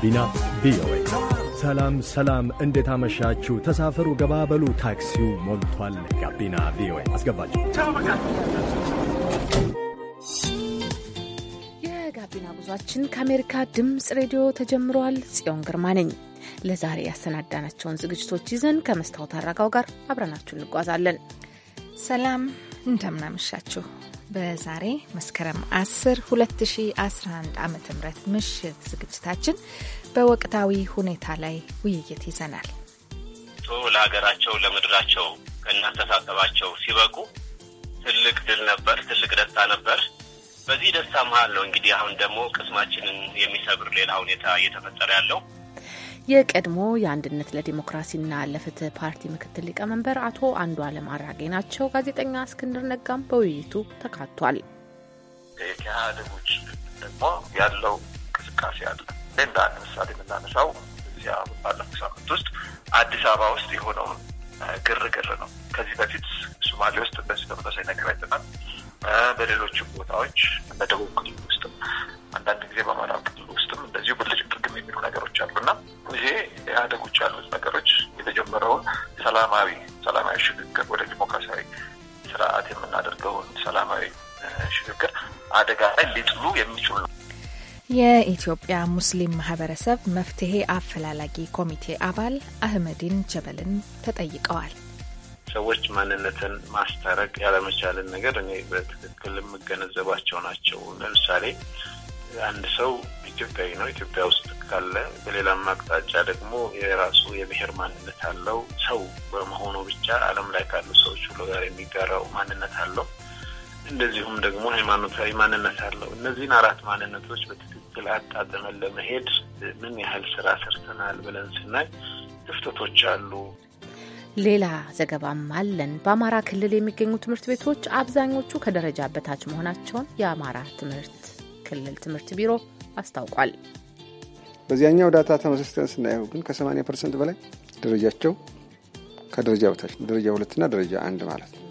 ጋቢና ቪኦኤ። ሰላም ሰላም፣ እንዴት አመሻችሁ? ተሳፈሩ፣ ገባበሉ፣ ታክሲው ሞልቷል። ጋቢና ቪኦኤ አስገባችሁ። የጋቢና ጉዟችን ከአሜሪካ ድምፅ ሬዲዮ ተጀምረዋል። ጽዮን ግርማ ነኝ። ለዛሬ ያሰናዳናቸውን ዝግጅቶች ይዘን ከመስታወት አረጋው ጋር አብረናችሁ እንጓዛለን። ሰላም እንደምናመሻችሁ በዛሬ መስከረም 10 2011 ዓ ም ምሽት ዝግጅታችን በወቅታዊ ሁኔታ ላይ ውይይት ይዘናል። ለሀገራቸው ለምድራቸው ከናስተሳሰባቸው ሲበቁ ትልቅ ድል ነበር፣ ትልቅ ደስታ ነበር። በዚህ ደስታ መሀል ነው እንግዲህ አሁን ደግሞ ቅስማችንን የሚሰብር ሌላ ሁኔታ እየተፈጠረ ያለው የቀድሞ የአንድነት ለዲሞክራሲና ለፍትህ ፓርቲ ምክትል ሊቀመንበር አቶ አንዱ አለም አራጌ ናቸው። ጋዜጠኛ እስክንድር ነጋም በውይይቱ ተካቷል። ከኢህአዴግ ውጭ ደግሞ ያለው እንቅስቃሴ አለ። እንደ አንድ ምሳሌ የምናነሳው እዚያ ባለፈው ሳምንት ውስጥ አዲስ አበባ ውስጥ የሆነውን ግርግር ነው። ከዚህ በፊት ሶማሌ ውስጥ እንደዚህ ተመሳሳይ ነገር አይተናል። በሌሎችም ቦታዎች በደቡብ ክልል ውስጥ አንዳንድ ጊዜ በአማራ ክልል ውስጥ እንደዚሁ ብልጭ ድርግም የሚሉ ነገሮች አሉ እና ይሄ ኢህአዴግ ያሉት ነገሮች የተጀመረውን ሰላማዊ ሰላማዊ ሽግግር ወደ ዲሞክራሲያዊ ስርዓት የምናደርገውን ሰላማዊ ሽግግር አደጋ ላይ ሊጥሉ የሚችሉ ነው። የኢትዮጵያ ሙስሊም ማህበረሰብ መፍትሄ አፈላላጊ ኮሚቴ አባል አህመዲን ጀበልን ተጠይቀዋል። ሰዎች ማንነትን ማስታረቅ ያለመቻልን ነገር እኔ በትክክል የምገነዘባቸው ናቸው። ለምሳሌ አንድ ሰው ኢትዮጵያዊ ነው። ኢትዮጵያ ውስጥ ካለ በሌላም አቅጣጫ ደግሞ የራሱ የብሔር ማንነት አለው። ሰው በመሆኑ ብቻ ዓለም ላይ ካሉ ሰዎች ሁሉ ጋር የሚጋራው ማንነት አለው። እንደዚሁም ደግሞ ሃይማኖታዊ ማንነት አለው። እነዚህን አራት ማንነቶች በትክክል አጣጥመን ለመሄድ ምን ያህል ስራ ሰርተናል ብለን ስናይ ክፍተቶች አሉ። ሌላ ዘገባም አለን። በአማራ ክልል የሚገኙ ትምህርት ቤቶች አብዛኞቹ ከደረጃ በታች መሆናቸውን የአማራ ትምህርት ክልል ትምህርት ቢሮ አስታውቋል። በዚያኛው ዳታ ተመሳስተን ስናየው ግን ከ80 ፐርሰንት በላይ ደረጃቸው ከደረጃ በታች ደረጃ ሁለትና ደረጃ አንድ ማለት ነው።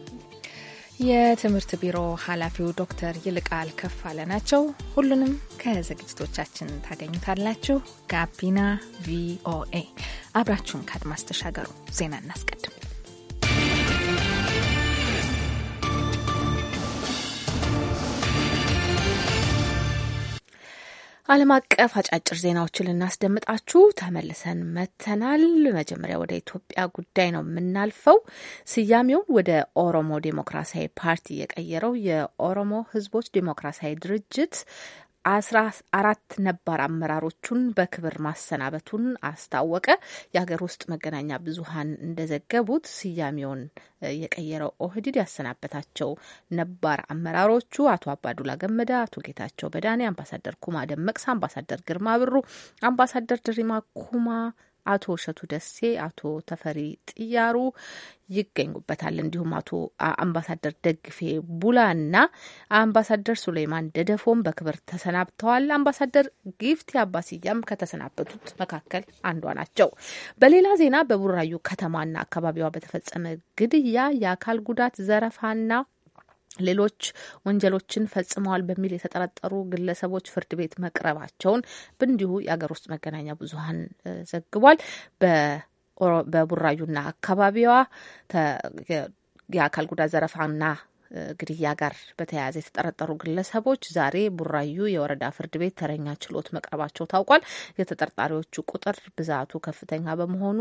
የትምህርት ቢሮ ኃላፊው ዶክተር ይልቃል ከፋለ ናቸው። ሁሉንም ከዝግጅቶቻችን ታገኙታላችሁ። ጋቢና ቪኦኤ አብራችሁን ከአድማስ ተሻገሩ። ዜና እናስቀድም። ዓለም አቀፍ አጫጭር ዜናዎችን ልናስደምጣችሁ ተመልሰን መተናል። መጀመሪያ ወደ ኢትዮጵያ ጉዳይ ነው የምናልፈው። ስያሜውን ወደ ኦሮሞ ዴሞክራሲያዊ ፓርቲ የቀየረው የኦሮሞ ሕዝቦች ዴሞክራሲያዊ ድርጅት አስራ አራት ነባር አመራሮቹን በክብር ማሰናበቱን አስታወቀ። የሀገር ውስጥ መገናኛ ብዙኃን እንደዘገቡት ስያሜውን የቀየረው ኦህዲድ ያሰናበታቸው ነባር አመራሮቹ አቶ አባዱላ ገመዳ፣ አቶ ጌታቸው በዳኔ፣ አምባሳደር ኩማ ደመቅሳ፣ አምባሳደር ግርማ ብሩ፣ አምባሳደር ድሪማ ኩማ አቶ እሸቱ ደሴ፣ አቶ ተፈሪ ጥያሩ ይገኙበታል። እንዲሁም አቶ አምባሳደር ደግፌ ቡላና አምባሳደር ሱሌይማን ደደፎም በክብር ተሰናብተዋል። አምባሳደር ጊፍቲ አባስያም ከተሰናበቱት መካከል አንዷ ናቸው። በሌላ ዜና በቡራዩ ከተማና አካባቢዋ በተፈጸመ ግድያ፣ የአካል ጉዳት፣ ዘረፋና ሌሎች ወንጀሎችን ፈጽመዋል በሚል የተጠረጠሩ ግለሰቦች ፍርድ ቤት መቅረባቸውን እንዲሁ የአገር ውስጥ መገናኛ ብዙኃን ዘግቧል። በቡራዩና አካባቢዋ የአካል ጉዳት ዘረፋና ግድያ ጋር በተያያዘ የተጠረጠሩ ግለሰቦች ዛሬ ቡራዩ የወረዳ ፍርድ ቤት ተረኛ ችሎት መቅረባቸው ታውቋል። የተጠርጣሪዎቹ ቁጥር ብዛቱ ከፍተኛ በመሆኑ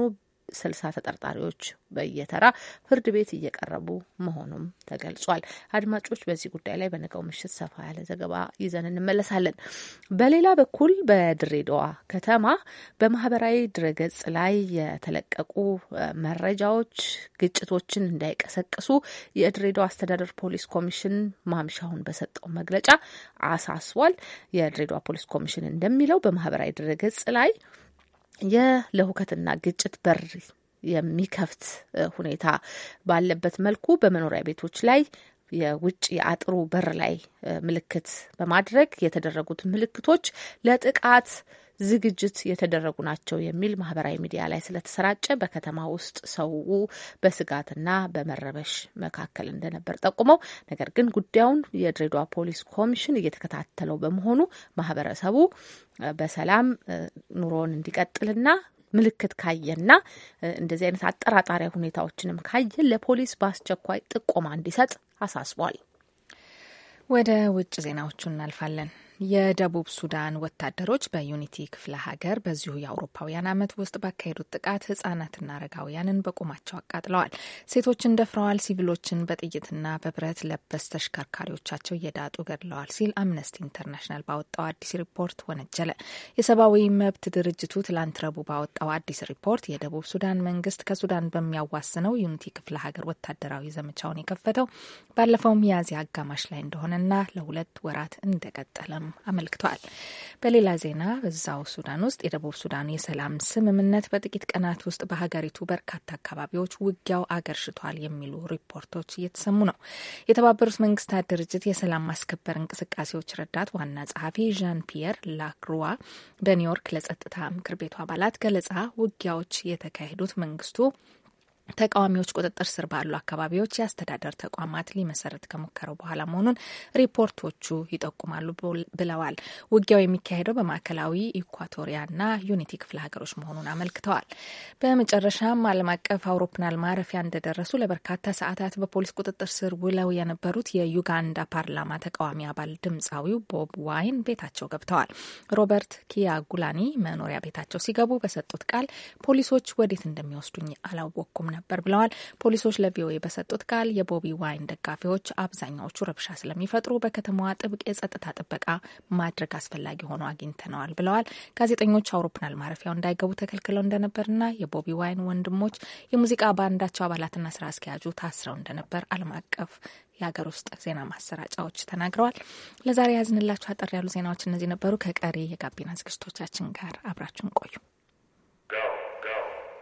ስልሳ ተጠርጣሪዎች በየተራ ፍርድ ቤት እየቀረቡ መሆኑም ተገልጿል። አድማጮች፣ በዚህ ጉዳይ ላይ በነገው ምሽት ሰፋ ያለ ዘገባ ይዘን እንመለሳለን። በሌላ በኩል በድሬዳዋ ከተማ በማህበራዊ ድረገጽ ላይ የተለቀቁ መረጃዎች ግጭቶችን እንዳይቀሰቅሱ የድሬዳዋ አስተዳደር ፖሊስ ኮሚሽን ማምሻውን በሰጠው መግለጫ አሳስቧል። የድሬዳዋ ፖሊስ ኮሚሽን እንደሚለው በማህበራዊ ድረገጽ ላይ የለሁከትና ግጭት በር የሚከፍት ሁኔታ ባለበት መልኩ በመኖሪያ ቤቶች ላይ የውጭ የአጥሩ በር ላይ ምልክት በማድረግ የተደረጉት ምልክቶች ለጥቃት ዝግጅት የተደረጉ ናቸው የሚል ማህበራዊ ሚዲያ ላይ ስለተሰራጨ በከተማ ውስጥ ሰው በስጋትና በመረበሽ መካከል እንደነበር ጠቁመው፣ ነገር ግን ጉዳዩን የድሬዳዋ ፖሊስ ኮሚሽን እየተከታተለው በመሆኑ ማህበረሰቡ በሰላም ኑሮውን እንዲቀጥልና ምልክት ካየና እንደዚህ አይነት አጠራጣሪ ሁኔታዎችንም ካየ ለፖሊስ በአስቸኳይ ጥቆማ እንዲሰጥ አሳስቧል። ወደ ውጭ ዜናዎቹ እናልፋለን። የደቡብ ሱዳን ወታደሮች በዩኒቲ ክፍለ ሀገር በዚሁ የአውሮፓውያን ዓመት ውስጥ ባካሄዱት ጥቃት ህጻናትና አረጋውያንን በቁማቸው አቃጥለዋል። ሴቶችን ደፍረዋል፣ ሲቪሎችን በጥይትና በብረት ለበስ ተሽከርካሪዎቻቸው እየዳጡ ገድለዋል ሲል አምነስቲ ኢንተርናሽናል ባወጣው አዲስ ሪፖርት ወነጀለ። የሰብአዊ መብት ድርጅቱ ትላንት ረቡዕ ባወጣው አዲስ ሪፖርት የደቡብ ሱዳን መንግስት ከሱዳን በሚያዋስነው ዩኒቲ ክፍለ ሀገር ወታደራዊ ዘመቻውን የከፈተው ባለፈው ሚያዝያ አጋማሽ ላይ እንደሆነና ለሁለት ወራት እንደቀጠለ መሆኑንም አመልክተዋል። በሌላ ዜና በዛው ሱዳን ውስጥ የደቡብ ሱዳኑ የሰላም ስምምነት በጥቂት ቀናት ውስጥ በሀገሪቱ በርካታ አካባቢዎች ውጊያው አገርሽቷል የሚሉ ሪፖርቶች እየተሰሙ ነው። የተባበሩት መንግስታት ድርጅት የሰላም ማስከበር እንቅስቃሴዎች ረዳት ዋና ጸሐፊ ዣን ፒየር ላክሩዋ በኒውዮርክ ለጸጥታ ምክር ቤቱ አባላት ገለጻ ውጊያዎች የተካሄዱት መንግስቱ ተቃዋሚዎች ቁጥጥር ስር ባሉ አካባቢዎች የአስተዳደር ተቋማት ሊመሰረት ከሞከረው በኋላ መሆኑን ሪፖርቶቹ ይጠቁማሉ ብለዋል። ውጊያው የሚካሄደው በማዕከላዊ ኢኳቶሪያና ዩኒቲ ክፍለ ሀገሮች መሆኑን አመልክተዋል። በመጨረሻም ዓለም አቀፍ አውሮፕላን ማረፊያ እንደደረሱ ለበርካታ ሰዓታት በፖሊስ ቁጥጥር ስር ውለው የነበሩት የዩጋንዳ ፓርላማ ተቃዋሚ አባል ድምፃዊው ቦብ ዋይን ቤታቸው ገብተዋል። ሮበርት ኪያጉላኒ መኖሪያ ቤታቸው ሲገቡ በሰጡት ቃል ፖሊሶች ወዴት እንደሚወስዱኝ አላወቅኩም ነበር ብለዋል። ፖሊሶች ለቪኦኤ በሰጡት ቃል የቦቢ ዋይን ደጋፊዎች አብዛኛዎቹ ረብሻ ስለሚፈጥሩ በከተማዋ ጥብቅ የጸጥታ ጥበቃ ማድረግ አስፈላጊ ሆኖ አግኝተነዋል ብለዋል። ጋዜጠኞች አውሮፕላን ማረፊያው እንዳይገቡ ተከልክለው እንደነበርና የቦቢ ዋይን ወንድሞች የሙዚቃ ባንዳቸው አባላትና ስራ አስኪያጁ ታስረው እንደነበር ዓለም አቀፍ የሀገር ውስጥ ዜና ማሰራጫዎች ተናግረዋል። ለዛሬ ያዝንላችሁ አጠር ያሉ ዜናዎች እነዚህ ነበሩ። ከቀሪ የጋቢና ዝግጅቶቻችን ጋር አብራችሁን ቆዩ።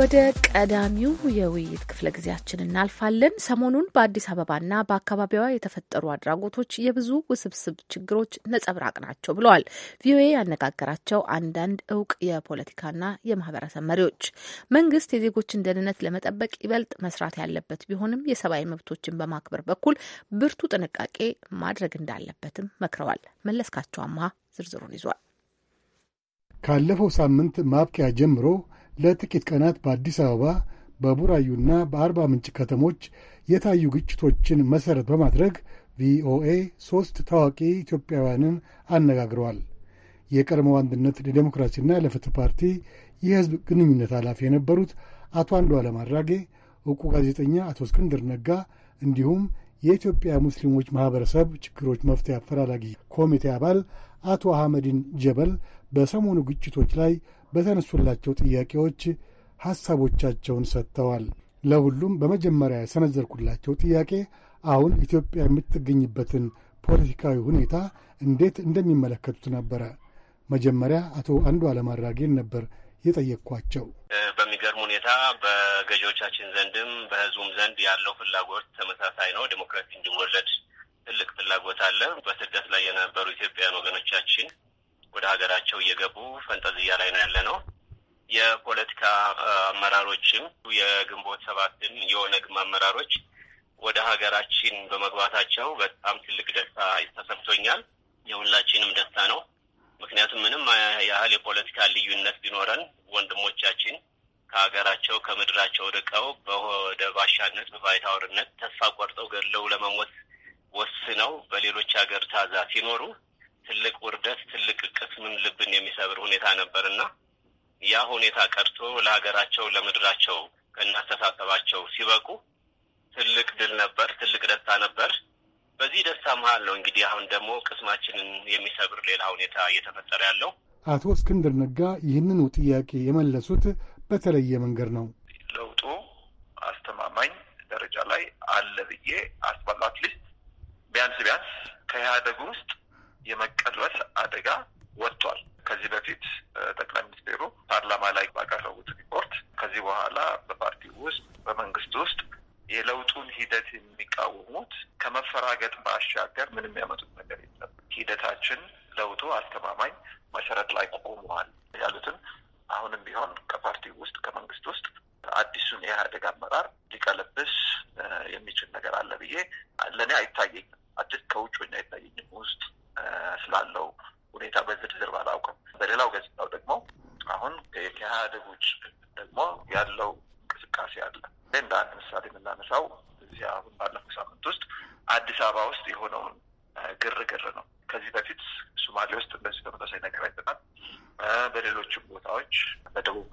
ወደ ቀዳሚው የውይይት ክፍለ ጊዜያችን እናልፋለን። ሰሞኑን በአዲስ አበባና በአካባቢዋ የተፈጠሩ አድራጎቶች የብዙ ውስብስብ ችግሮች ነጸብራቅ ናቸው ብለዋል ቪኦኤ ያነጋገራቸው አንዳንድ እውቅ የፖለቲካና የማህበረሰብ መሪዎች። መንግስት የዜጎችን ደህንነት ለመጠበቅ ይበልጥ መስራት ያለበት ቢሆንም የሰብአዊ መብቶችን በማክበር በኩል ብርቱ ጥንቃቄ ማድረግ እንዳለበትም መክረዋል። መለስካቸው አምሃ ዝርዝሩን ይዟል። ካለፈው ሳምንት ማብቂያ ጀምሮ ለጥቂት ቀናት በአዲስ አበባ በቡራዩና በአርባ ምንጭ ከተሞች የታዩ ግጭቶችን መሠረት በማድረግ ቪኦኤ ሦስት ታዋቂ ኢትዮጵያውያንን አነጋግረዋል። የቀድሞው አንድነት ለዲሞክራሲና ለፍትህ ፓርቲ የሕዝብ ግንኙነት ኃላፊ የነበሩት አቶ አንዱዓለም አራጌ፣ ዕውቁ ጋዜጠኛ አቶ እስክንድር ነጋ እንዲሁም የኢትዮጵያ ሙስሊሞች ማኅበረሰብ ችግሮች መፍትሄ አፈላላጊ ኮሚቴ አባል አቶ አህመዲን ጀበል በሰሞኑ ግጭቶች ላይ በተነሱላቸው ጥያቄዎች ሐሳቦቻቸውን ሰጥተዋል። ለሁሉም በመጀመሪያ የሰነዘርኩላቸው ጥያቄ አሁን ኢትዮጵያ የምትገኝበትን ፖለቲካዊ ሁኔታ እንዴት እንደሚመለከቱት ነበረ። መጀመሪያ አቶ አንዱ አለማራጌን ነበር የጠየቅኳቸው። በሚገርም ሁኔታ በገዢዎቻችን ዘንድም በህዝቡም ዘንድ ያለው ፍላጎት ተመሳሳይ ነው። ዴሞክራሲ እንዲወለድ ትልቅ ፍላጎት አለ። በስደት ላይ የነበሩ ኢትዮጵያውያን ወገኖቻችን ወደ ሀገራቸው እየገቡ ፈንጠዝያ ላይ ነው ያለ ነው። የፖለቲካ አመራሮችም የግንቦት ሰባትን የኦነግም አመራሮች ወደ ሀገራችን በመግባታቸው በጣም ትልቅ ደስታ ተሰምቶኛል። የሁላችንም ደስታ ነው። ምክንያቱም ምንም ያህል የፖለቲካ ልዩነት ቢኖረን ወንድሞቻችን ከሀገራቸው ከምድራቸው ርቀው ወደ ባሻነት በባይታወርነት ተስፋ ቆርጠው ገድለው ለመሞት ወስነው በሌሎች ሀገር ታዛ ሲኖሩ ትልቅ ውርደት፣ ትልቅ ቅስምን ልብን የሚሰብር ሁኔታ ነበር እና ያ ሁኔታ ቀርቶ ለሀገራቸው ለምድራቸው ከናስተሳሰባቸው ሲበቁ ትልቅ ድል ነበር፣ ትልቅ ደስታ ነበር። በዚህ ደስታ መሀል ነው እንግዲህ አሁን ደግሞ ቅስማችንን የሚሰብር ሌላ ሁኔታ እየተፈጠረ ያለው። አቶ እስክንድር ነጋ ይህንኑ ጥያቄ የመለሱት በተለየ መንገድ ነው። ለውጡ አስተማማኝ ደረጃ ላይ አለ ብዬ አስባለሁ። አትሊስት ቢያንስ ቢያንስ ከኢህአደግ ውስጥ የመቀልበስ አደጋ ወጥቷል። ከዚህ በፊት ጠቅላይ ሚኒስትሩ ፓርላማ ላይ ባቀረቡት ሪፖርት ከዚህ በኋላ በፓርቲ ውስጥ በመንግስት ውስጥ የለውጡን ሂደት የሚቃወሙት ከመፈራገጥ ባሻገር ምንም ያመጡት ነገር የለም፣ ሂደታችን ለውጡ አስተማማኝ መሰረት ላይ ቆመዋል ያሉትን አሁንም ቢሆን ከፓርቲ ውስጥ ከመንግስት ውስጥ አዲሱን የኢህአደግ አመራር ሊቀለብስ የሚችል ነገር አለ ብዬ ለእኔ አይታየኝም። አዲስ ከውጭ አይታየኝም ውስጥ ስላለው ሁኔታ በዝርዝር ባላውቅም፣ በሌላው ገጽታው ደግሞ አሁን ከኢህአዴግ ውጭ ደግሞ ያለው እንቅስቃሴ አለ። እንደ አንድ ምሳሌ የምናነሳው እዚህ አሁን ባለፈው ሳምንት ውስጥ አዲስ አበባ ውስጥ የሆነውን ግርግር ነው። ከዚህ በፊት ሶማሌ ውስጥ እንደዚህ ተመሳሳይ ነገር አይተናል። በሌሎችም ቦታዎች በደቡብ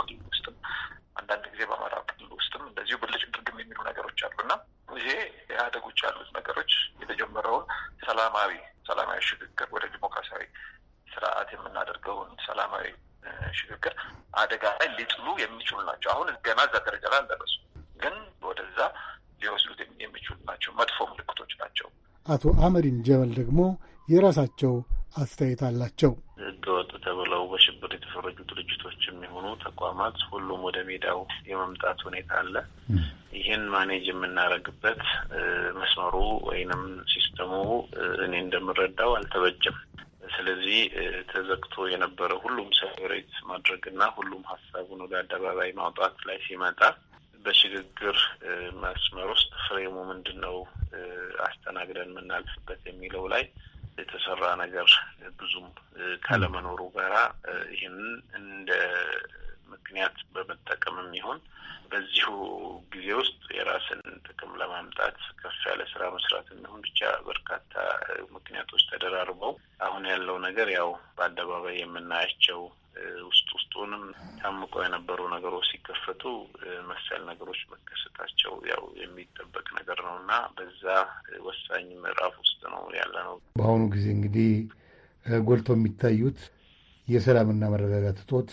አቶ አመሪን ጀበል ደግሞ የራሳቸው አስተያየት አላቸው። ህገወጥ ተብለው በሽብር የተፈረጁ ድርጅቶች የሚሆኑ ተቋማት ሁሉም ወደ ሜዳው የመምጣት ሁኔታ አለ። ይህን ማኔጅ የምናደርግበት መስመሩ ወይንም ሲስተሙ እኔ እንደምረዳው አልተበጀም። ስለዚህ ተዘግቶ የነበረ ሁሉም ሰሌብሬት ማድረግና ሁሉም ሀሳቡን ወደ አደባባይ ማውጣት ላይ ሲመጣ በሽግግር መስመር ውስጥ ፍሬሙ ምንድን ነው አስተናግደን የምናልፍበት የሚለው ላይ የተሰራ ነገር ብዙም ካለመኖሩ ጋራ ይህንን እንደ ምክንያት በመጠቀም የሚሆን በዚሁ ጊዜ ውስጥ የራስን ጥቅም ለማምጣት ከፍ ያለ ስራ መስራት የሚሆን ብቻ በርካታ ምክንያቶች ተደራርበው አሁን ያለው ነገር ያው በአደባባይ የምናያቸው ውስጥ ውስጡንም ታምቀው የነበሩ ነገሮች ሲከፈቱ መሰል ነገሮች መከሰታቸው ያው የሚጠበቅ ነገር ነው እና በዛ ወሳኝ ምዕራፍ ውስጥ ነው ያለ ነው። በአሁኑ ጊዜ እንግዲህ ጎልቶ የሚታዩት የሰላምና መረጋጋት እጦት፣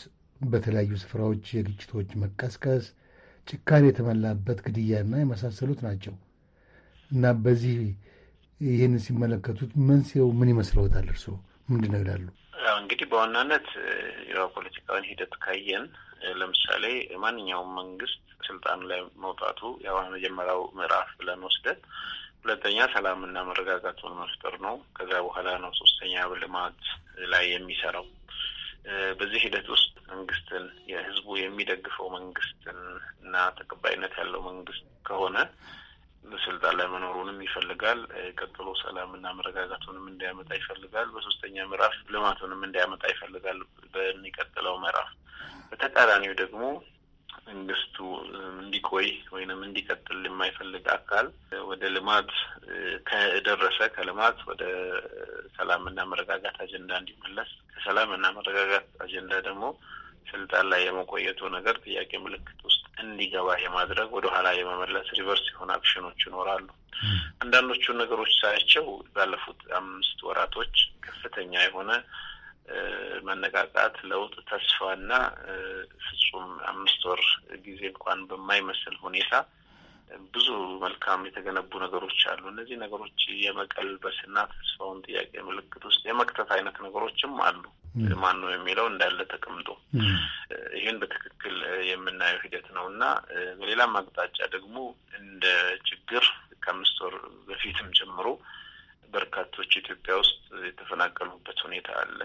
በተለያዩ ስፍራዎች የግጭቶች መቀስቀስ፣ ጭካኔ የተሞላበት ግድያና የመሳሰሉት ናቸው እና በዚህ ይህን ሲመለከቱት መንስኤው ምን ይመስለውታል እርስዎ ምንድን ነው ይላሉ? እንግዲህ በዋናነት የፖለቲካውን ሂደት ካየን ለምሳሌ ማንኛውም መንግስት ስልጣን ላይ መውጣቱ ያው መጀመሪያው ምዕራፍ ብለን ወስደን፣ ሁለተኛ ሰላምና መረጋጋቱን መፍጠር ነው። ከዛ በኋላ ነው ሶስተኛ ልማት ላይ የሚሰራው። በዚህ ሂደት ውስጥ መንግስትን የህዝቡ የሚደግፈው መንግስትን እና ተቀባይነት ያለው መንግስት ከሆነ ስልጣን ላይ መኖሩንም ይፈልጋል። ቀጥሎ ሰላምና መረጋጋቱንም እንዲያመጣ ይፈልጋል። በሶስተኛ ምዕራፍ ልማቱንም እንዲያመጣ ይፈልጋል። በሚቀጥለው ምዕራፍ በተቃራኒው ደግሞ መንግስቱ እንዲቆይ ወይንም እንዲቀጥል የማይፈልግ አካል ወደ ልማት ከደረሰ ከልማት ወደ ሰላምና መረጋጋት አጀንዳ እንዲመለስ ከሰላምና መረጋጋት አጀንዳ ደግሞ ስልጣን ላይ የመቆየቱ ነገር ጥያቄ ምልክት ውስጥ እንዲገባ የማድረግ ወደኋላ የመመለስ ሪቨርስ የሆነ አክሽኖች ይኖራሉ። አንዳንዶቹ ነገሮች ሳያቸው ባለፉት አምስት ወራቶች ከፍተኛ የሆነ መነቃቃት፣ ለውጥ፣ ተስፋ እና ፍጹም አምስት ወር ጊዜ እንኳን በማይመስል ሁኔታ ብዙ መልካም የተገነቡ ነገሮች አሉ። እነዚህ ነገሮች የመቀልበስና ተስፋውን ጥያቄ ምልክት ውስጥ የመክተት አይነት ነገሮችም አሉ። ማን ነው የሚለው እንዳለ ተቀምጦ ይህን በትክክል የምናየው ሂደት ነው እና በሌላም አቅጣጫ ደግሞ እንደ ችግር ከአምስት ወር በፊትም ጀምሮ በርካቶች ኢትዮጵያ ውስጥ የተፈናቀሉበት ሁኔታ አለ።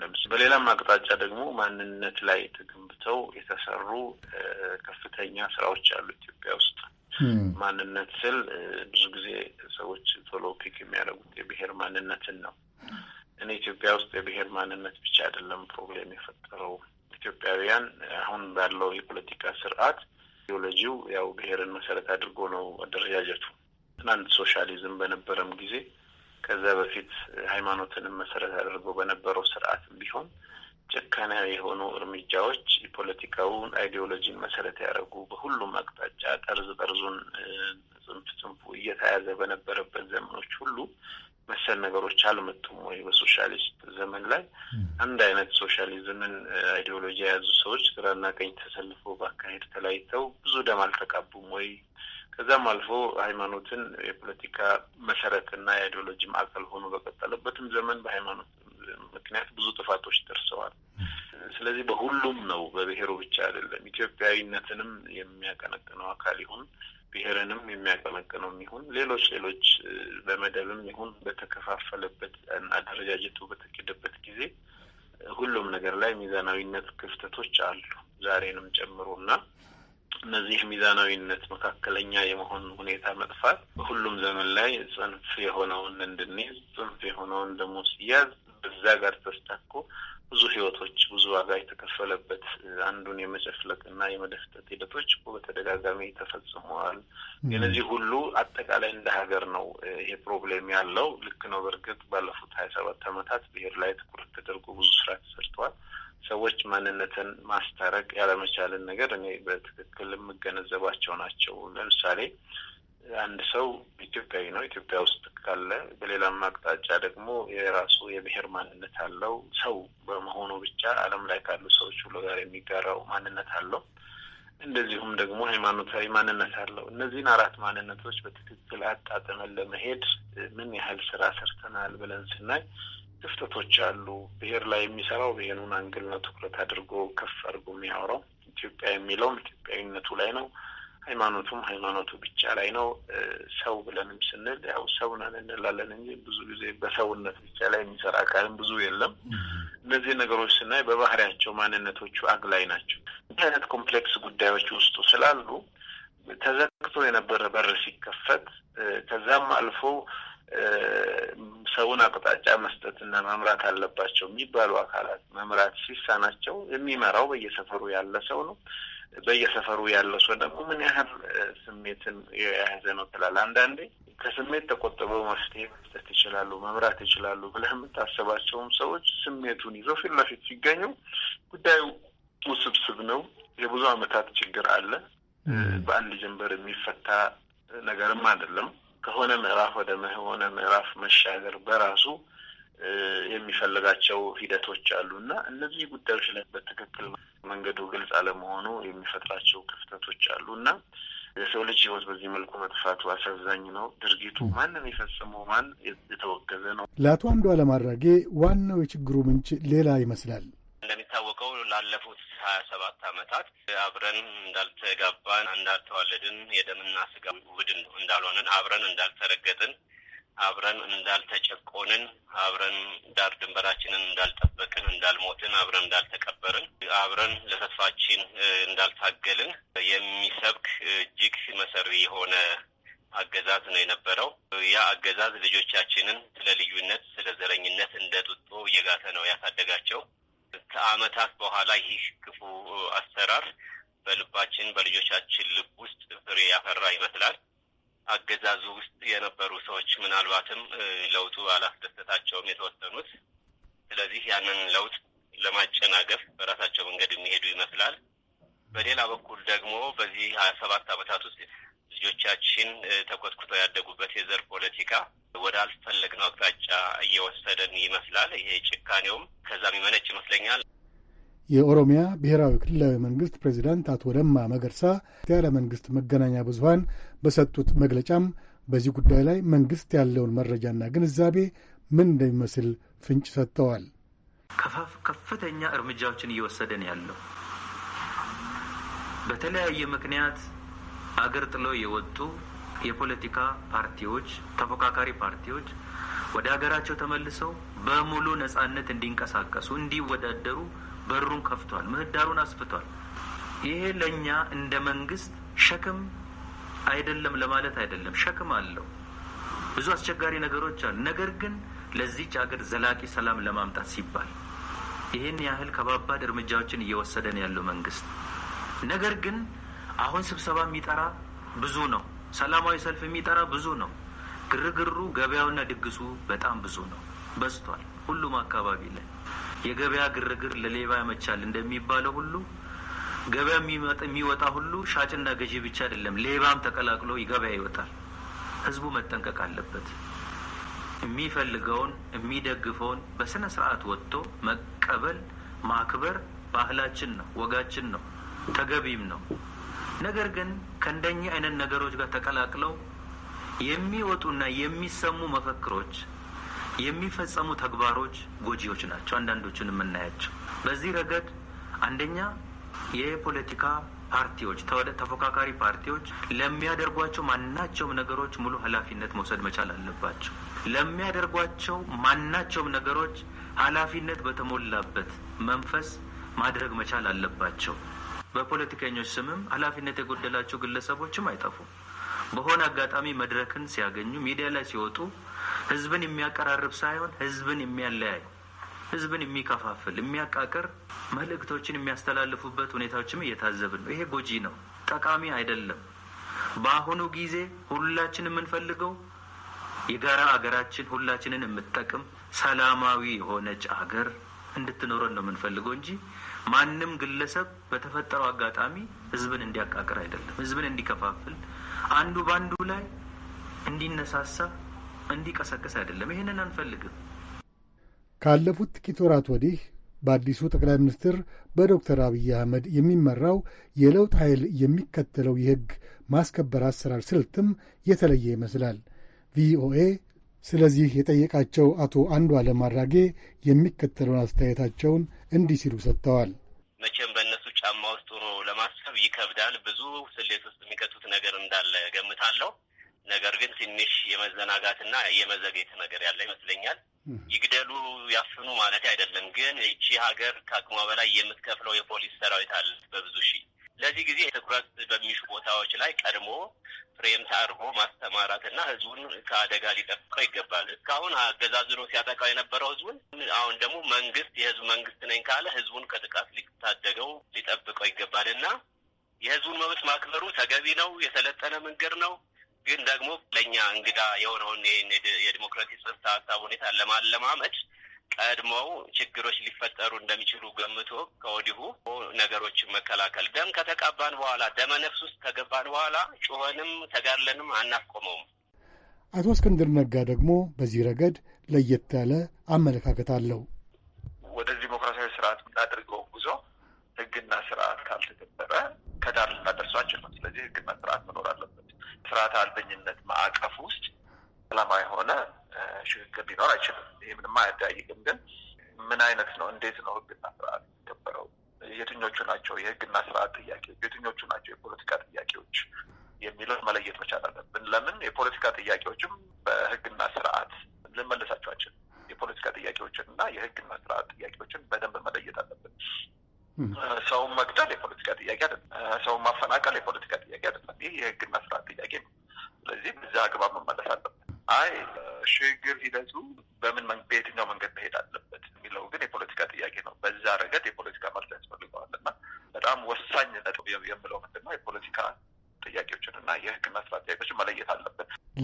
ለምስ በሌላም አቅጣጫ ደግሞ ማንነት ላይ ተገንብተው የተሰሩ ከፍተኛ ስራዎች አሉ ኢትዮጵያ ውስጥ Hmm. ማንነት ስል ብዙ ጊዜ ሰዎች ቶሎ ፒክ የሚያደርጉት የብሔር ማንነትን ነው። እኔ ኢትዮጵያ ውስጥ የብሔር ማንነት ብቻ አይደለም ፕሮብሌም የፈጠረው። ኢትዮጵያውያን አሁን ባለው የፖለቲካ ስርዓት ኢዲዮሎጂው ያው ብሔርን መሰረት አድርጎ ነው አደረጃጀቱ። ትናንት ሶሻሊዝም በነበረም ጊዜ ከዛ በፊት ሃይማኖትንም መሰረት አድርጎ በነበረው ስርዓትም ቢሆን ጭካኔያዊ የሆኑ እርምጃዎች የፖለቲካውን አይዲዮሎጂን መሰረት ያደረጉ በሁሉም አቅጣጫ ጠርዝ ጠርዙን ጽንፍ ጽንፉ እየተያዘ በነበረበት ዘመኖች ሁሉ መሰል ነገሮች አልመጡም ወይ? በሶሻሊስት ዘመን ላይ አንድ አይነት ሶሻሊዝምን አይዲዮሎጂ የያዙ ሰዎች ግራና ቀኝ ተሰልፎ በአካሄድ ተለያይተው ብዙ ደም አልተቃቡም ወይ? ከዛም አልፎ ሃይማኖትን የፖለቲካ መሰረትና የአይዲዮሎጂ ማዕከል ሆኖ በቀጠለበትም ዘመን በሃይማኖት ምክንያት ብዙ ጥፋቶች ደርሰዋል። ስለዚህ በሁሉም ነው፣ በብሔሩ ብቻ አይደለም። ኢትዮጵያዊነትንም የሚያቀነቅነው አካል ይሁን ብሔርንም የሚያቀነቅነው ይሁን ሌሎች ሌሎች በመደብም ይሁን በተከፋፈለበት አደረጃጀቱ በተኬደበት ጊዜ ሁሉም ነገር ላይ ሚዛናዊነት ክፍተቶች አሉ ዛሬንም ጨምሮ እና እነዚህ ሚዛናዊነት መካከለኛ የመሆን ሁኔታ መጥፋት በሁሉም ዘመን ላይ ጽንፍ የሆነውን እንድንይዝ ጽንፍ የሆነውን ደግሞ ሲያዝ በዛ ጋር ተስታኮ ብዙ ህይወቶች ብዙ ዋጋ የተከፈለበት አንዱን የመጨፍለቅና የመደፍጠት ሂደቶች በተደጋጋሚ ተፈጽመዋል። እነዚህ ሁሉ አጠቃላይ እንደ ሀገር ነው ይሄ ፕሮብሌም ያለው ልክ ነው። በእርግጥ ባለፉት ሀያ ሰባት ዓመታት ብሔር ላይ ትኩረት ተደርጎ ብዙ ስራ ተሰርተዋል። ሰዎች ማንነትን ማስታረቅ ያለመቻልን ነገር እኔ በትክክል የምገነዘባቸው ናቸው። ለምሳሌ አንድ ሰው ኢትዮጵያዊ ነው። ኢትዮጵያ ውስጥ ካለ በሌላም አቅጣጫ ደግሞ የራሱ የብሔር ማንነት አለው። ሰው በመሆኑ ብቻ ዓለም ላይ ካሉ ሰዎች ሁሉ ጋር የሚጋራው ማንነት አለው። እንደዚሁም ደግሞ ሃይማኖታዊ ማንነት አለው። እነዚህን አራት ማንነቶች በትክክል አጣጥመን ለመሄድ ምን ያህል ስራ ሰርተናል ብለን ስናይ ክፍተቶች አሉ። ብሔር ላይ የሚሰራው ብሔሩን አንግል ነው ትኩረት አድርጎ ከፍ አድርጎ የሚያወራው ኢትዮጵያ የሚለውም ኢትዮጵያዊነቱ ላይ ነው። ሃይማኖቱም ሃይማኖቱ ብቻ ላይ ነው። ሰው ብለንም ስንል ያው ሰው ነን እንላለን እንጂ ብዙ ጊዜ በሰውነት ብቻ ላይ የሚሰራ አካልም ብዙ የለም። እነዚህ ነገሮች ስናይ በባህሪያቸው ማንነቶቹ አግላይ ናቸው። እንዲህ አይነት ኮምፕሌክስ ጉዳዮች ውስጡ ስላሉ ተዘግቶ የነበረ በር ሲከፈት ከዛም አልፎ ሰውን አቅጣጫ መስጠትና መምራት አለባቸው የሚባሉ አካላት መምራት ሲሳናቸው የሚመራው በየሰፈሩ ያለ ሰው ነው። በየሰፈሩ ያለ ሰው ደግሞ ምን ያህል ስሜትን የያዘ ነው ትላል። አንዳንዴ ከስሜት ተቆጥበው መፍትሄ መስጠት ይችላሉ፣ መምራት ይችላሉ ብለህ የምታስባቸውም ሰዎች ስሜቱን ይዘው ፊት ለፊት ሲገኙ ጉዳዩ ውስብስብ ነው። የብዙ ዓመታት ችግር አለ። በአንድ ጀንበር የሚፈታ ነገርም አይደለም። ከሆነ ምዕራፍ ወደ ሆነ ምዕራፍ መሻገር በራሱ የሚፈልጋቸው ሂደቶች አሉ እና እነዚህ ጉዳዮች ላይ በትክክል መንገዱ ግልጽ አለመሆኑ የሚፈጥራቸው ክፍተቶች አሉ እና የሰው ልጅ ህይወት በዚህ መልኩ መጥፋቱ አሳዛኝ ነው። ድርጊቱ ማንም የፈጸመው ማን የተወገዘ ነው። ለአቶ አንዱ አለም አራጌ ዋናው የችግሩ ምንጭ ሌላ ይመስላል። እንደሚታወቀው ላለፉት ሀያ ሰባት አመታት አብረን እንዳልተጋባን፣ እንዳልተዋለድን፣ የደምና ስጋ ውህድ እንዳልሆንን፣ አብረን እንዳልተረገጥን፣ አብረን እንዳልተጨቆንን፣ አብረን ዳር ድንበራችንን እንዳልጠበቅን፣ እንዳልሞትን፣ አብረን እንዳልተቀበርን፣ አብረን ለተስፋችን እንዳልታገልን የሚሰብክ እጅግ መሰሪ የሆነ አገዛዝ ነው የነበረው። ያ አገዛዝ ልጆቻችንን ስለ ልዩነት፣ ስለ ዘረኝነት እንደ ጡጦ እየጋተ ነው ያሳደጋቸው። ከአመታት በኋላ ይህ ክፉ አሰራር በልባችን በልጆቻችን ልብ ውስጥ ፍሬ ያፈራ ይመስላል። አገዛዙ ውስጥ የነበሩ ሰዎች ምናልባትም ለውጡ አላስደሰታቸውም የተወሰኑት። ስለዚህ ያንን ለውጥ ለማጨናገፍ በራሳቸው መንገድ የሚሄዱ ይመስላል። በሌላ በኩል ደግሞ በዚህ ሀያ ሰባት ዓመታት ውስጥ ልጆቻችን ተኮትኩተው ያደጉበት የዘር ፖለቲካ ወደ አልፈለግነው አቅጣጫ እየወሰደን ይመስላል። ይሄ ጭካኔውም ከዛም ይመነጭ ይመስለኛል። የኦሮሚያ ብሔራዊ ክልላዊ መንግስት ፕሬዚዳንት አቶ ለማ መገርሳ ያለ መንግስት መገናኛ ብዙሀን በሰጡት መግለጫም በዚህ ጉዳይ ላይ መንግስት ያለውን መረጃና ግንዛቤ ምን እንደሚመስል ፍንጭ ሰጥተዋል። ከፍተኛ እርምጃዎችን እየወሰደን ያለው በተለያየ ምክንያት አገር ጥለው የወጡ የፖለቲካ ፓርቲዎች፣ ተፎካካሪ ፓርቲዎች ወደ ሀገራቸው ተመልሰው በሙሉ ነጻነት እንዲንቀሳቀሱ እንዲወዳደሩ በሩን ከፍቷል፣ ምህዳሩን አስፍቷል። ይሄ ለእኛ እንደ መንግስት ሸክም አይደለም ለማለት አይደለም፣ ሸክም አለው። ብዙ አስቸጋሪ ነገሮች አሉ። ነገር ግን ለዚች አገር ዘላቂ ሰላም ለማምጣት ሲባል ይህን ያህል ከባባድ እርምጃዎችን እየወሰደን ያለው መንግስት ነገር ግን አሁን ስብሰባ የሚጠራ ብዙ ነው። ሰላማዊ ሰልፍ የሚጠራ ብዙ ነው። ግርግሩ፣ ገበያውና ድግሱ በጣም ብዙ ነው፣ በዝቷል። ሁሉም አካባቢ ላይ የገበያ ግርግር ለሌባ ያመቻል እንደሚባለው ሁሉ ገበያ የሚወጣ ሁሉ ሻጭና ገዢ ብቻ አይደለም፣ ሌባም ተቀላቅሎ ገበያ ይወጣል። ህዝቡ መጠንቀቅ አለበት። የሚፈልገውን የሚደግፈውን በስነ ስርዓት ወጥቶ መቀበል ማክበር ባህላችን ነው፣ ወጋችን ነው፣ ተገቢም ነው። ነገር ግን ከእንደኚህ አይነት ነገሮች ጋር ተቀላቅለው የሚወጡና የሚሰሙ መፈክሮች፣ የሚፈጸሙ ተግባሮች ጎጂዎች ናቸው። አንዳንዶቹን የምናያቸው በዚህ ረገድ አንደኛ የፖለቲካ ፓርቲዎች ተፎካካሪ ፓርቲዎች ለሚያደርጓቸው ማናቸውም ነገሮች ሙሉ ኃላፊነት መውሰድ መቻል አለባቸው። ለሚያደርጓቸው ማናቸውም ነገሮች ኃላፊነት በተሞላበት መንፈስ ማድረግ መቻል አለባቸው። በፖለቲከኞች ስምም ኃላፊነት የጎደላቸው ግለሰቦችም አይጠፉም። በሆነ አጋጣሚ መድረክን ሲያገኙ ሚዲያ ላይ ሲወጡ ህዝብን የሚያቀራርብ ሳይሆን ህዝብን የሚያለያይ፣ ህዝብን የሚከፋፍል፣ የሚያቃቅር መልእክቶችን የሚያስተላልፉበት ሁኔታዎችም እየታዘብን ነው። ይሄ ጎጂ ነው፣ ጠቃሚ አይደለም። በአሁኑ ጊዜ ሁላችን የምንፈልገው የጋራ አገራችን ሁላችንን የምትጠቅም ሰላማዊ የሆነች አገር እንድትኖረን ነው የምንፈልገው እንጂ ማንም ግለሰብ በተፈጠረው አጋጣሚ ህዝብን እንዲያቃቅር አይደለም፣ ህዝብን እንዲከፋፍል አንዱ በአንዱ ላይ እንዲነሳሳ እንዲቀሰቅስ አይደለም። ይህንን አንፈልግም። ካለፉት ጥቂት ወራት ወዲህ በአዲሱ ጠቅላይ ሚኒስትር በዶክተር አብይ አህመድ የሚመራው የለውጥ ኃይል የሚከተለው የሕግ ማስከበር አሰራር ስልትም የተለየ ይመስላል። ቪኦኤ ስለዚህ የጠየቃቸው አቶ አንዱ አለም አራጌ የሚከተለውን አስተያየታቸውን እንዲህ ሲሉ ሰጥተዋል። መቼም በእነሱ ጫማ ውስጥ ሆኖ ለማሰብ ይከብዳል። ብዙ ስሌት ውስጥ የሚከቱት ነገር እንዳለ ገምታለሁ። ነገር ግን ትንሽ የመዘናጋትና የመዘግየት ነገር ያለ ይመስለኛል። ይግደሉ ያፍኑ ማለት አይደለም፣ ግን ይቺ ሀገር ከአቅሟ በላይ የምትከፍለው የፖሊስ ሰራዊት አለ በብዙ ሺህ ለዚህ ጊዜ ትኩረት በሚሹ ቦታዎች ላይ ቀድሞ ፍሬም ታርጎ ማስተማራት እና ህዝቡን ከአደጋ ሊጠብቀው ይገባል። እስካሁን አገዛዝኖ ሲያጠቃው የነበረው ህዝቡን። አሁን ደግሞ መንግስት የህዝብ መንግስት ነኝ ካለ ህዝቡን ከጥቃት ሊታደገው ሊጠብቀው ይገባል እና የህዝቡን መብት ማክበሩ ተገቢ ነው፣ የሰለጠነ መንገድ ነው። ግን ደግሞ ለእኛ እንግዳ የሆነውን የዲሞክራሲ ጽንሰ ሀሳብ ሁኔታ ለማለማመድ ቀድሞው ችግሮች ሊፈጠሩ እንደሚችሉ ገምቶ ከወዲሁ ነገሮችን መከላከል። ደም ከተቃባን በኋላ ደመ ነፍስ ውስጥ ከገባን በኋላ ጩኸንም ተጋድለንም አናቆመውም። አቶ እስክንድር ነጋ ደግሞ በዚህ ረገድ ለየት ያለ አመለካከት አለው። ወደ ዲሞክራሲያዊ ስርዓት የምናደርገው ጉዞ ህግና ስርዓት ካልተገበረ ከዳር ልናደርሰው ነው። ስለዚህ ህግና ስርዓት መኖር አለበት። ስርዓት አልበኝነት ማዕቀፍ ውስጥ ሰላማዊ የሆነ ሽግግር ሊኖር አይችልም። ይህ ምንም አያጠያይቅም። ግን ምን አይነት ነው? እንዴት ነው ህግና ስርዓት የሚከበረው? የትኞቹ ናቸው የህግና ስርዓት ጥያቄዎች፣ የትኞቹ ናቸው የፖለቲካ ጥያቄዎች የሚለው መለየት መቻል አለብን። ለምን የፖለቲካ ጥያቄዎችም በህግና ስርዓት ልንመልሳቸው አንችልም። የፖለቲካ ጥያቄዎችን እና የህግና ስርዓት ጥያቄዎችን በደንብ መለየት አለብን። ሰውን መግደል የፖለቲካ ጥያቄ አይደለም። ሰውን ማፈናቀል የፖለቲካ ጥያቄ አይደለም። ይህ የህግና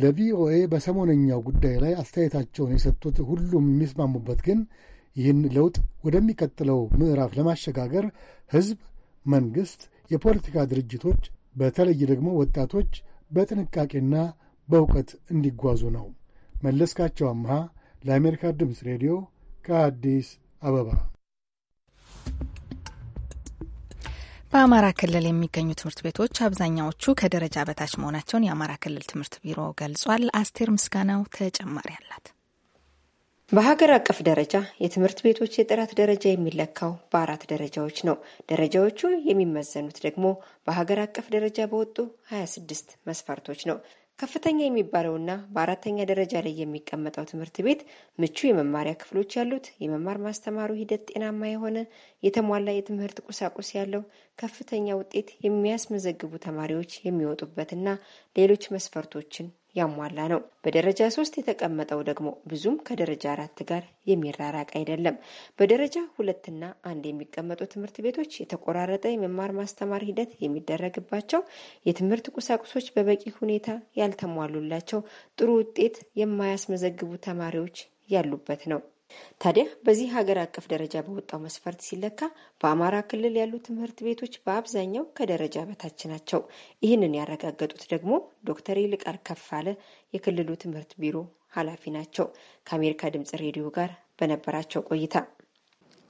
ለቪኦኤ በሰሞነኛው ጉዳይ ላይ አስተያየታቸውን የሰጡት ሁሉም የሚስማሙበት ግን ይህን ለውጥ ወደሚቀጥለው ምዕራፍ ለማሸጋገር ሕዝብ፣ መንግሥት፣ የፖለቲካ ድርጅቶች በተለይ ደግሞ ወጣቶች በጥንቃቄና በእውቀት እንዲጓዙ ነው። መለስካቸው አምሃ ለአሜሪካ ድምፅ ሬዲዮ ከአዲስ አበባ በአማራ ክልል የሚገኙ ትምህርት ቤቶች አብዛኛዎቹ ከደረጃ በታች መሆናቸውን የአማራ ክልል ትምህርት ቢሮ ገልጿል። አስቴር ምስጋናው ተጨማሪ አላት። በሀገር አቀፍ ደረጃ የትምህርት ቤቶች የጥራት ደረጃ የሚለካው በአራት ደረጃዎች ነው። ደረጃዎቹ የሚመዘኑት ደግሞ በሀገር አቀፍ ደረጃ በወጡ 26 መስፈርቶች ነው። ከፍተኛ የሚባለውና በአራተኛ ደረጃ ላይ የሚቀመጠው ትምህርት ቤት ምቹ የመማሪያ ክፍሎች ያሉት፣ የመማር ማስተማሩ ሂደት ጤናማ የሆነ፣ የተሟላ የትምህርት ቁሳቁስ ያለው፣ ከፍተኛ ውጤት የሚያስመዘግቡ ተማሪዎች የሚወጡበትና ሌሎች መስፈርቶችን ያሟላ ነው። በደረጃ ሶስት የተቀመጠው ደግሞ ብዙም ከደረጃ አራት ጋር የሚራራቅ አይደለም። በደረጃ ሁለትና አንድ የሚቀመጡ ትምህርት ቤቶች የተቆራረጠ የመማር ማስተማር ሂደት የሚደረግባቸው፣ የትምህርት ቁሳቁሶች በበቂ ሁኔታ ያልተሟሉላቸው፣ ጥሩ ውጤት የማያስመዘግቡ ተማሪዎች ያሉበት ነው። ታዲያ በዚህ ሀገር አቀፍ ደረጃ በወጣው መስፈርት ሲለካ በአማራ ክልል ያሉ ትምህርት ቤቶች በአብዛኛው ከደረጃ በታች ናቸው። ይህንን ያረጋገጡት ደግሞ ዶክተር ይልቃል ከፋለ የክልሉ ትምህርት ቢሮ ኃላፊ ናቸው። ከአሜሪካ ድምጽ ሬዲዮ ጋር በነበራቸው ቆይታ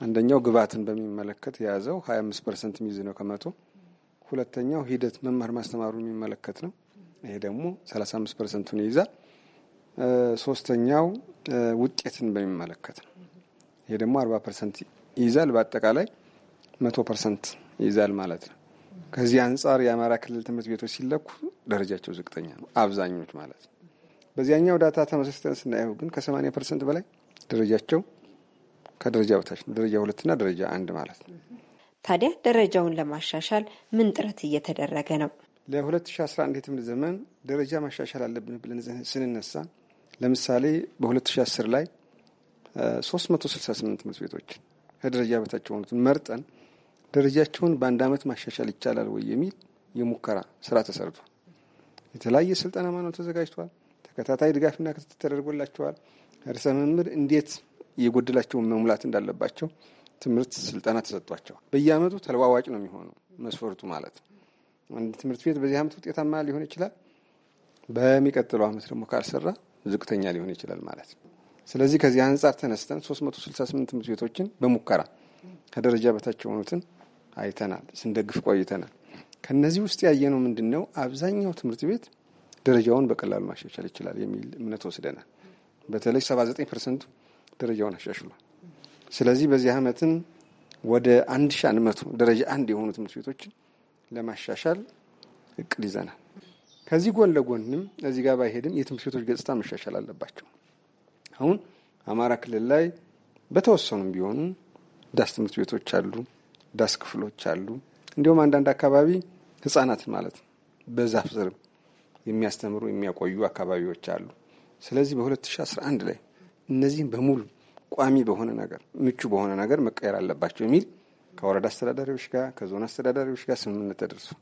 አንደኛው ግብዓትን በሚመለከት የያዘው 25 ፐርሰንት የሚይዝ ነው ከመቶ። ሁለተኛው ሂደት መምህር ማስተማሩን የሚመለከት ነው። ይሄ ደግሞ 35 ፐርሰንቱን ይይዛል። ሶስተኛው ውጤትን በሚመለከት ነው። ይሄ ደግሞ አርባ ፐርሰንት ይይዛል፣ በአጠቃላይ መቶ ፐርሰንት ይይዛል ማለት ነው። ከዚህ አንጻር የአማራ ክልል ትምህርት ቤቶች ሲለኩ ደረጃቸው ዝቅተኛ ነው፣ አብዛኞች ማለት ነው። በዚያኛው ዳታ ተመሳስተን ስናየው ግን ከሰማኒያ ፐርሰንት በላይ ደረጃቸው ከደረጃ በታች ነው፣ ደረጃ ሁለትና ደረጃ አንድ ማለት ነው። ታዲያ ደረጃውን ለማሻሻል ምን ጥረት እየተደረገ ነው? ለ2011 የትምህርት ዘመን ደረጃ ማሻሻል አለብን ብለን ስንነሳ ለምሳሌ በ2010 ላይ 368 ትምህርት ቤቶች ከደረጃ በታች የሆኑትን መርጠን ደረጃቸውን በአንድ ዓመት ማሻሻል ይቻላል ወይ የሚል የሙከራ ስራ ተሰርቷል። የተለያየ ስልጠና ማኖ ተዘጋጅቷል። ተከታታይ ድጋፍና ክትትል ተደርጎላቸዋል። ርዕሰ መምህር እንዴት የጎደላቸውን መሙላት እንዳለባቸው ትምህርት ስልጠና ተሰጥቷቸዋል። በየአመቱ ተለዋዋጭ ነው የሚሆነው መስፈርቱ ማለት አንድ ትምህርት ቤት በዚህ አመት ውጤታማ ሊሆን ይችላል። በሚቀጥለው ዓመት ደግሞ ካልሰራ ዝቅተኛ ሊሆን ይችላል ማለት ነው። ስለዚህ ከዚህ አንጻር ተነስተን 368 ትምህርት ቤቶችን በሙከራ ከደረጃ በታች የሆኑትን አይተናል፣ ስንደግፍ ቆይተናል። ከነዚህ ውስጥ ያየነው ምንድን ነው? አብዛኛው ትምህርት ቤት ደረጃውን በቀላሉ ማሻሻል ይችላል የሚል እምነት ወስደናል። በተለይ 79 ፐርሰንቱ ደረጃውን አሻሽሏል። ስለዚህ በዚህ ዓመትም ወደ 1100 ደረጃ አንድ የሆኑ ትምህርት ቤቶችን ለማሻሻል እቅድ ይዘናል። ከዚህ ጎን ለጎንም እዚህ ጋር ባይሄድም የትምህርት ቤቶች ገጽታ መሻሻል አለባቸው። አሁን አማራ ክልል ላይ በተወሰኑም ቢሆኑ ዳስ ትምህርት ቤቶች አሉ፣ ዳስ ክፍሎች አሉ። እንዲሁም አንዳንድ አካባቢ ህጻናት ማለት ነው በዛፍ ስር የሚያስተምሩ የሚያቆዩ አካባቢዎች አሉ። ስለዚህ በ2011 ላይ እነዚህም በሙሉ ቋሚ በሆነ ነገር ምቹ በሆነ ነገር መቀየር አለባቸው የሚል ከወረዳ አስተዳዳሪዎች ጋር ከዞን አስተዳዳሪዎች ጋር ስምምነት ተደርሷል።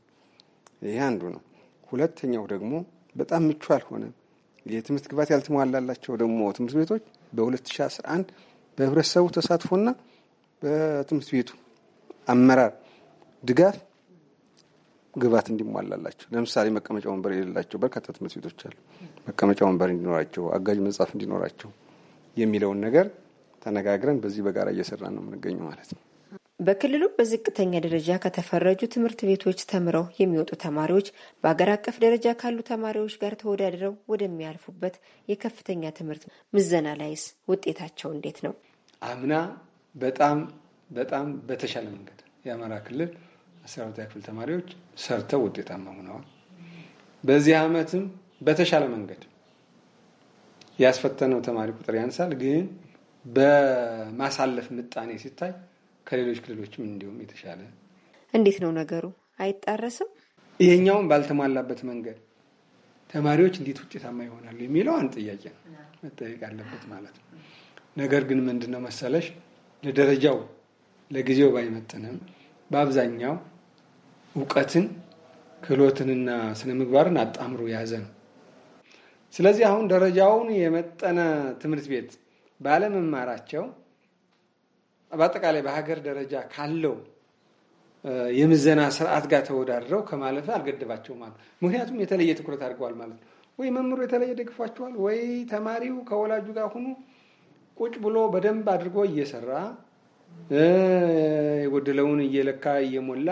ይሄ አንዱ ነው። ሁለተኛው ደግሞ በጣም ምቹ አልሆነ የትምህርት ግባት ያልተሟላላቸው ደግሞ ትምህርት ቤቶች በ2011 በህብረተሰቡ ተሳትፎና በትምህርት ቤቱ አመራር ድጋፍ ግባት እንዲሟላላቸው ለምሳሌ መቀመጫ ወንበር የሌላቸው በርካታ ትምህርት ቤቶች አሉ። መቀመጫ ወንበር እንዲኖራቸው፣ አጋዥ መጽሐፍ እንዲኖራቸው የሚለውን ነገር ተነጋግረን በዚህ በጋራ እየሰራ ነው የምንገኘው ማለት ነው። በክልሉ በዝቅተኛ ደረጃ ከተፈረጁ ትምህርት ቤቶች ተምረው የሚወጡ ተማሪዎች በአገር አቀፍ ደረጃ ካሉ ተማሪዎች ጋር ተወዳድረው ወደሚያልፉበት የከፍተኛ ትምህርት ምዘና ላይስ ውጤታቸው እንዴት ነው? አምና በጣም በጣም በተሻለ መንገድ የአማራ ክልል አስራ ሁለተኛ ክፍል ተማሪዎች ሰርተው ውጤታማ ሆነዋል። በዚህ ዓመትም በተሻለ መንገድ ያስፈተነው ተማሪ ቁጥር ያንሳል፣ ግን በማሳለፍ ምጣኔ ሲታይ ከሌሎች ክልሎችም እንዲሁም የተሻለ እንዴት ነው ነገሩ? አይጣረስም። ይሄኛውም ባልተሟላበት መንገድ ተማሪዎች እንዴት ውጤታማ ይሆናሉ የሚለው አንድ ጥያቄ ነው መጠየቅ አለበት ማለት ነው። ነገር ግን ምንድን ነው መሰለሽ ለደረጃው ለጊዜው ባይመጥንም በአብዛኛው እውቀትን ክህሎትንና ስነ ምግባርን አጣምሮ የያዘ ነው። ስለዚህ አሁን ደረጃውን የመጠነ ትምህርት ቤት ባለመማራቸው በአጠቃላይ በሀገር ደረጃ ካለው የምዘና ስርዓት ጋር ተወዳድረው ከማለፍ አልገደባቸውም አለ። ምክንያቱም የተለየ ትኩረት አድርገዋል ማለት ነው። ወይ መምህሩ የተለየ ደግፏቸዋል፣ ወይ ተማሪው ከወላጁ ጋር ሁኑ ቁጭ ብሎ በደንብ አድርጎ እየሰራ የጎደለውን እየለካ እየሞላ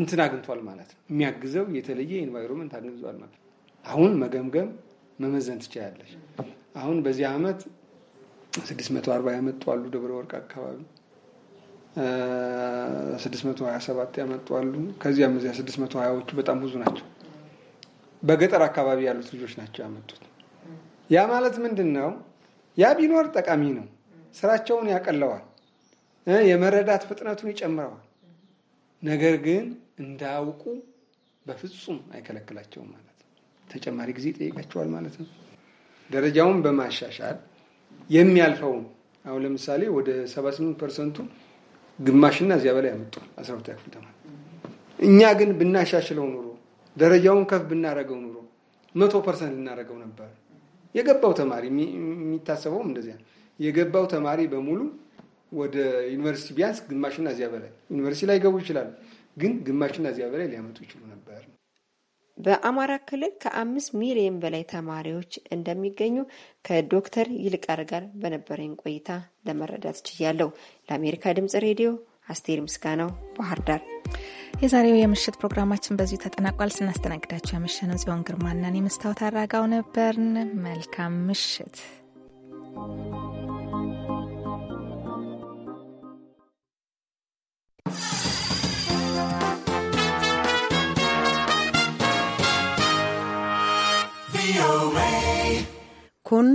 እንትን አግኝቷል ማለት ነው። የሚያግዘው የተለየ ኤንቫይሮንመንት አግኝቷል ማለት ነው። አሁን መገምገም መመዘን ትችላለች። አሁን በዚህ ዓመት ስድስት መቶ አርባ ያመጡ አሉ። ደብረ ወርቅ አካባቢ ስድስት መቶ ሀያ ሰባት ያመጡ አሉ። ከዚያም እዚያ ስድስት መቶ ሀያዎቹ በጣም ብዙ ናቸው። በገጠር አካባቢ ያሉት ልጆች ናቸው ያመጡት። ያ ማለት ምንድን ነው? ያ ቢኖር ጠቃሚ ነው። ስራቸውን ያቀለዋል፣ የመረዳት ፍጥነቱን ይጨምረዋል። ነገር ግን እንዳያውቁ በፍጹም አይከለክላቸውም ማለት ነው። ተጨማሪ ጊዜ ይጠይቃቸዋል ማለት ነው። ደረጃውን በማሻሻል የሚያልፈው አሁን ለምሳሌ ወደ 78 ፐርሰንቱ ግማሽና እዚያ በላይ ያመጡል አስራ ሁለተኛ ክፍል ተማሪ። እኛ ግን ብናሻሽለው ኑሮ ደረጃውን ከፍ ብናረገው ኑሮ መቶ ፐርሰንት ልናረገው ነበር። የገባው ተማሪ የሚታሰበውም እንደዚያ የገባው ተማሪ በሙሉ ወደ ዩኒቨርሲቲ ቢያንስ ግማሽና እዚያ በላይ ዩኒቨርሲቲ ላይ ገቡ ይችላሉ፣ ግን ግማሽና እዚያ በላይ ሊያመጡ ይችሉ ነበር። በአማራ ክልል ከአምስት ሚሊዮን በላይ ተማሪዎች እንደሚገኙ ከዶክተር ይልቃር ጋር በነበረኝ ቆይታ ለመረዳት ችያለሁ። ለአሜሪካ ድምጽ ሬዲዮ አስቴር ምስጋናው ባህር ዳር። የዛሬው የምሽት ፕሮግራማችን በዚሁ ተጠናቋል። ስናስተናግዳቸው ያመሸነው ጽዮን ግርማናን መስታወት አራጋው ነበርን። መልካም ምሽት። kun